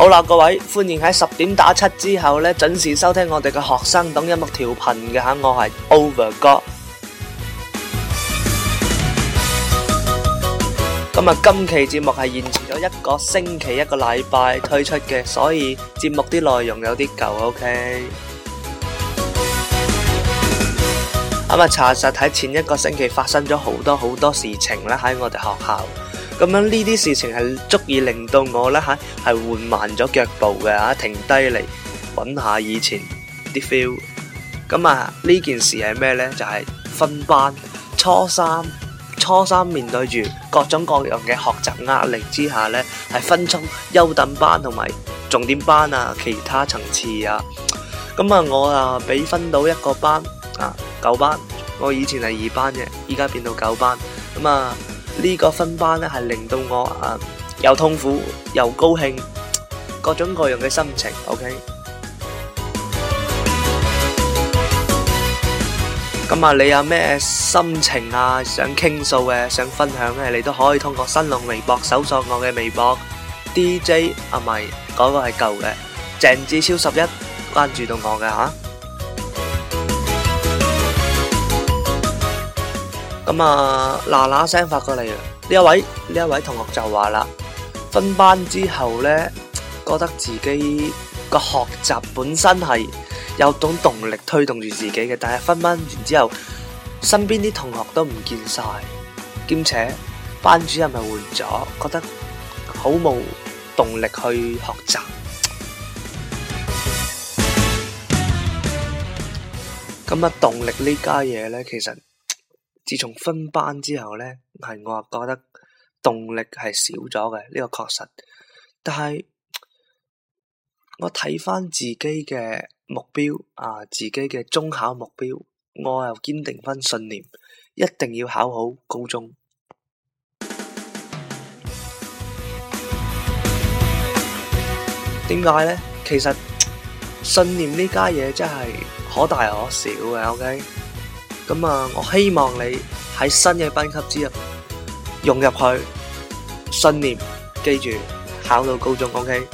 好啦，各位歡迎喺十點打七之後呢，準時收聽我哋嘅學生黨音樂調頻嘅吓，我係 Over 哥。咁啊，今日今期節目係延遲咗一個星期一個禮拜推出嘅，所以節目啲內容有啲舊，OK？咁啊、嗯，查實喺前一個星期發生咗好多好多事情啦，喺我哋學校。咁樣呢啲事情係足以令到我呢吓係緩慢咗腳步嘅啊，停低嚟揾下以前啲 feel。咁啊呢件事係咩呢？就係分班，初三初三面對住各種各樣嘅學習壓力之下呢，係分出優等班同埋重點班啊，其他層次啊。咁啊，我啊俾分到一個班啊九班，我以前係二班嘅，依家變到九班。咁啊。呢個分班咧，係令到我啊又痛苦又高興，各種各樣嘅心情。OK，咁啊，你有咩心情啊？想傾訴嘅，想分享嘅？你都可以通過新浪微博搜索我嘅微博 DJ 啊，咪嗰個係舊嘅，鄭志超十一關注到我嘅吓。咁啊嗱嗱聲發過嚟，呢一位呢一位同學就話啦：分班之後呢，覺得自己個學習本身係有種動力推動住自己嘅，但係分班完之後，身邊啲同學都唔見晒，兼且班主任咪換咗，覺得好冇動力去學習。咁啊，動力呢家嘢呢，其實。自從分班之後呢，係我啊覺得動力係少咗嘅，呢個確實。但係我睇翻自己嘅目標啊，自己嘅中考目標，我又堅定翻信念，一定要考好高中。點解 呢？其實信念呢家嘢真係可大可小嘅，OK。咁啊！我希望你喺新嘅班級之中，融入去，信念記住考到高中。講起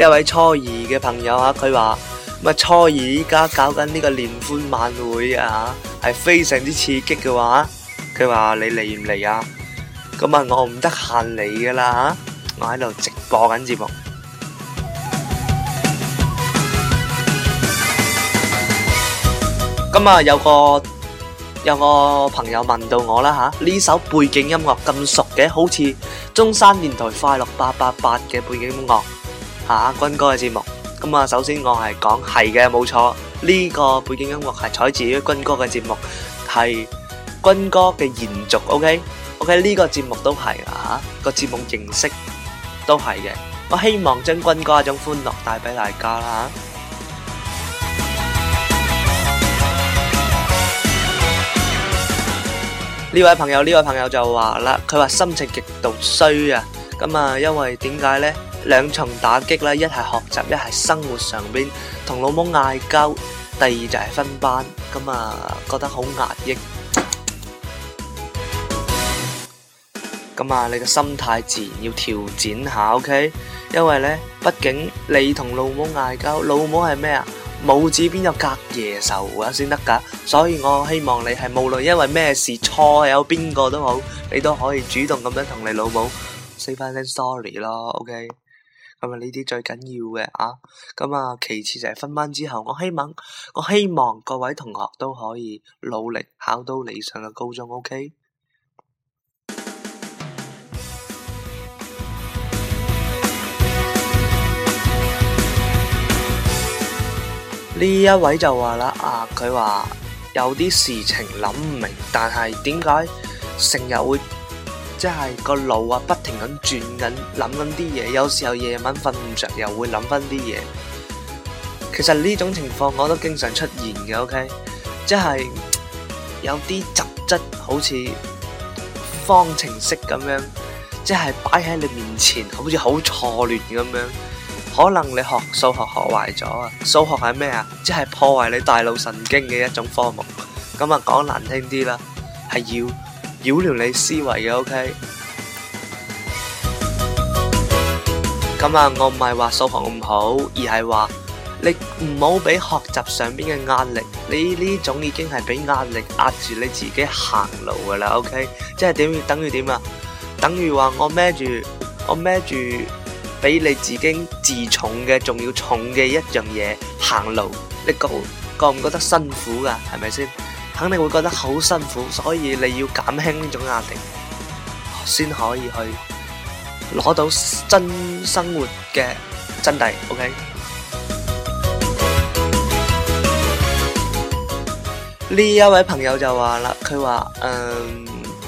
呢位初二嘅朋友啊，佢話咁啊，初二依家搞緊呢個聯歡晚會啊，係非常之刺激嘅話，佢話你嚟唔嚟啊？咁啊，我唔得閒嚟噶啦。我喺度直播緊節目。咁啊，有個有個朋友問到我啦吓，呢首背景音樂咁熟嘅，好似中山電台快樂八八八嘅背景音樂吓，軍哥嘅節目。咁啊，首先我係講係嘅，冇錯。呢個背景音樂係採自於軍哥嘅節目，係軍哥嘅延續。O K O K 呢個節目都係啊，個節目形式。都係嘅，我希望將軍哥一種歡樂帶俾大家啦吓。呢位朋友，呢位朋友就話啦，佢話心情極度衰啊，咁啊，因為點解呢？兩重打擊啦，一係學習，一係生活上邊同老母嗌交，第二就係分班，咁啊，覺得好壓抑。咁啊，你個心態自然要調整下，OK？因為呢，畢竟你同老母嗌交，老母係咩啊？母子邊有隔夜仇啊，先得噶。所以我希望你係無論因為咩事錯有邊個都好，你都可以主動咁樣同你老母 say 翻聲 sorry 咯，OK？咁啊，呢啲最緊要嘅啊。咁啊，其次就係分班之後，我希望我希望各位同學都可以努力考到理想嘅高中，OK？呢一位就話啦，啊，佢話有啲事情諗唔明，但係點解成日會即係、就是、個腦啊不停咁轉緊諗緊啲嘢，有時候夜晚瞓唔着又會諗翻啲嘢。其實呢種情況我都經常出現嘅，OK，即係有啲雜質好似方程式咁樣，即係擺喺你面前，好似好錯亂咁樣。可能你學數學學壞咗啊？數學係咩啊？即係破壞你大腦神經嘅一種科目。咁啊，講難聽啲啦，係要擾亂你思維嘅。OK。咁 啊，我唔係話數學唔好，而係話你唔好俾學習上邊嘅壓力。你呢種已經係俾壓力壓住你自己行路噶啦。O K。即係點？等於點啊？等於話我孭住，我孭住。比你自己自重嘅仲要重嘅一樣嘢，行路，你覺覺唔覺得辛苦噶？係咪先？肯定會覺得好辛苦，所以你要減輕呢種壓力，先可以去攞到真生活嘅真諦。OK？呢一位朋友就話啦，佢話嗯。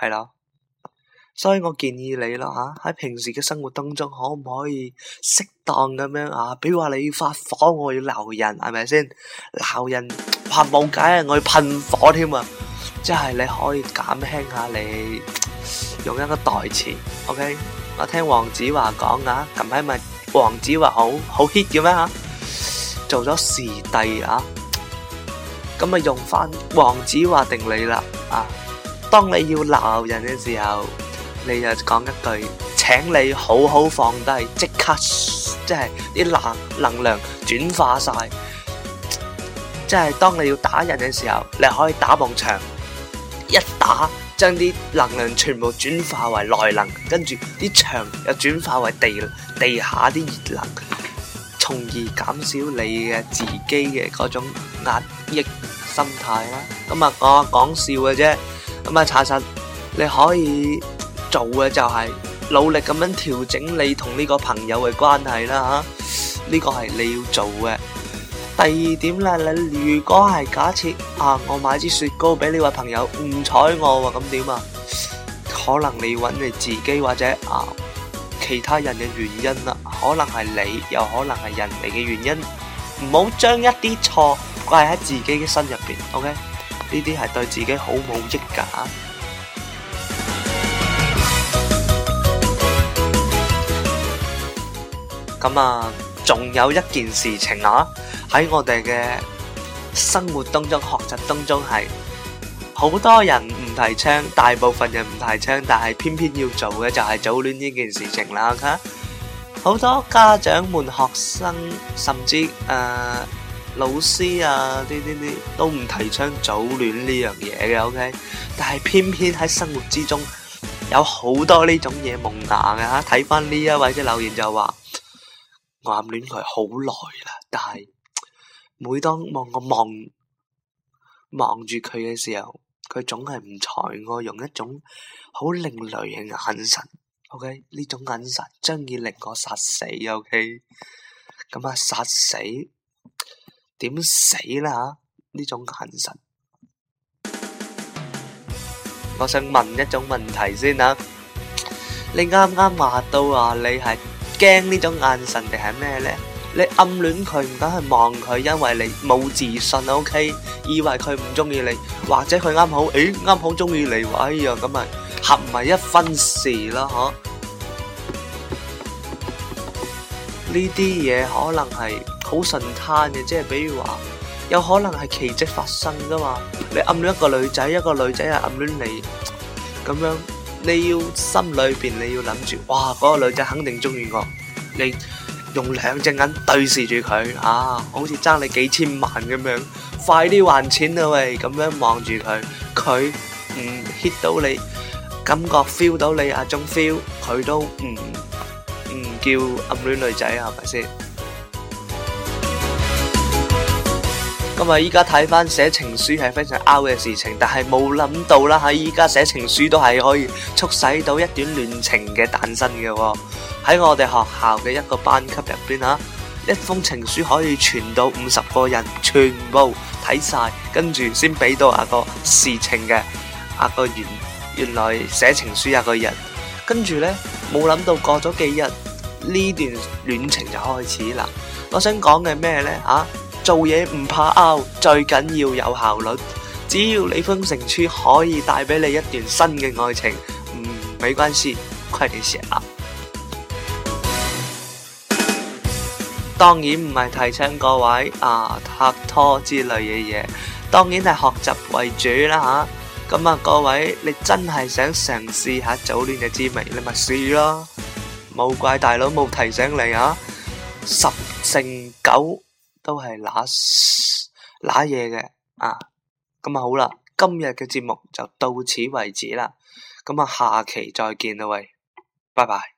係啦，所以我建議你啦，吓、啊、喺平時嘅生活當中，可唔可以適當咁樣啊？比如話你要發火，我要鬧人，係咪先？鬧人怕冇、啊、解啊，我要噴火添啊！即係你可以減輕下你、啊、用一個代詞。OK，我聽黃子華講噶，近排咪黃子華好好 hit 嘅咩吓、啊？做咗視帝啊，咁啊用翻黃子華定理啦啊！當你要鬧人嘅時候，你就講一句，請你好好放低，即刻即係啲能能量轉化晒，即係當你要打人嘅時候，你可以打埲牆，一打將啲能量全部轉化為內能，跟住啲牆又轉化為地地下啲熱能，從而減少你嘅自己嘅嗰種壓抑心態啦。咁啊，講講笑嘅啫。咁啊，查實，你可以做嘅就係努力咁樣調整你同呢個朋友嘅關係啦，吓呢個係你要做嘅。第二點啦，你如果係假設啊，我買支雪糕俾你位朋友唔睬我，咁點啊？可能你搵你自己或者啊其他人嘅原因啦，可能係你，又可能係人哋嘅原因。唔好將一啲錯怪喺自己嘅身入邊，OK？呢啲係對自己好冇益㗎。咁 啊，仲有一件事情啊，喺我哋嘅生活當中、學習當中係好多人唔提倡，大部分人唔提倡，但係偏偏要做嘅就係早戀呢件事情啦、啊。okay? 好多家長們、學生甚至誒。呃老師啊，呢啲啲都唔提倡早戀呢樣嘢嘅，OK？但係偏偏喺生活之中有好多呢種嘢蒙眼嘅吓，睇翻呢一位嘅留言就話，我暗戀佢好耐啦，但係每當我望望住佢嘅時候，佢總係唔睬我，用一種好另類嘅眼神，OK？呢種眼神將要令我殺死，OK？咁啊，殺死。點死啦吓！呢種眼神，我想問一種問題先啊，你啱啱話到話你係驚呢種眼神定係咩呢？你暗戀佢唔敢去望佢，因為你冇自信，OK？以為佢唔中意你，或者佢啱好，誒，啱好中意你，哇，哎呀，咁咪合埋一分事啦，吓？呢啲嘢可能係好神探嘅，即係比如話，有可能係奇蹟發生㗎嘛？你暗戀一個女仔，一個女仔又暗戀你，咁樣你要心裏邊你要諗住，哇，嗰、那個女仔肯定中意我，你用兩隻眼對視住佢，啊，好似爭你幾千萬咁樣，快啲還錢啦、啊、喂，咁樣望住佢，佢唔、嗯、hit 到你，感覺 feel 到你啊種 feel，佢都唔。嗯唔叫暗戀女仔啊，係咪先？今日依家睇翻寫情書係非常拗嘅事情，但係冇諗到啦，喺依家寫情書都係可以促使到一段戀情嘅誕生嘅喎。喺我哋學校嘅一個班級入邊啊，一封情書可以傳到五十個人，全部睇晒，跟住先俾到阿個事情嘅阿個原原來寫情書啊個人，跟住呢。冇諗到過咗幾日呢段戀情就開始啦！我想講嘅咩呢？啊？做嘢唔怕拗，最緊要有效率。只要你婚成處可以帶俾你一段新嘅愛情，唔、嗯、沒關係，虧你成 啊！當然唔係提倡各位啊拍拖之類嘅嘢，當然係學習為主啦吓。啊。咁啊，各位，你真係想嘗試下早戀嘅滋味，你咪試咯。冇怪大佬冇提醒你啊，十成九都係那那嘢嘅啊。咁啊好啦，今日嘅節目就到此為止啦。咁啊，下期再見啦，喂，拜拜。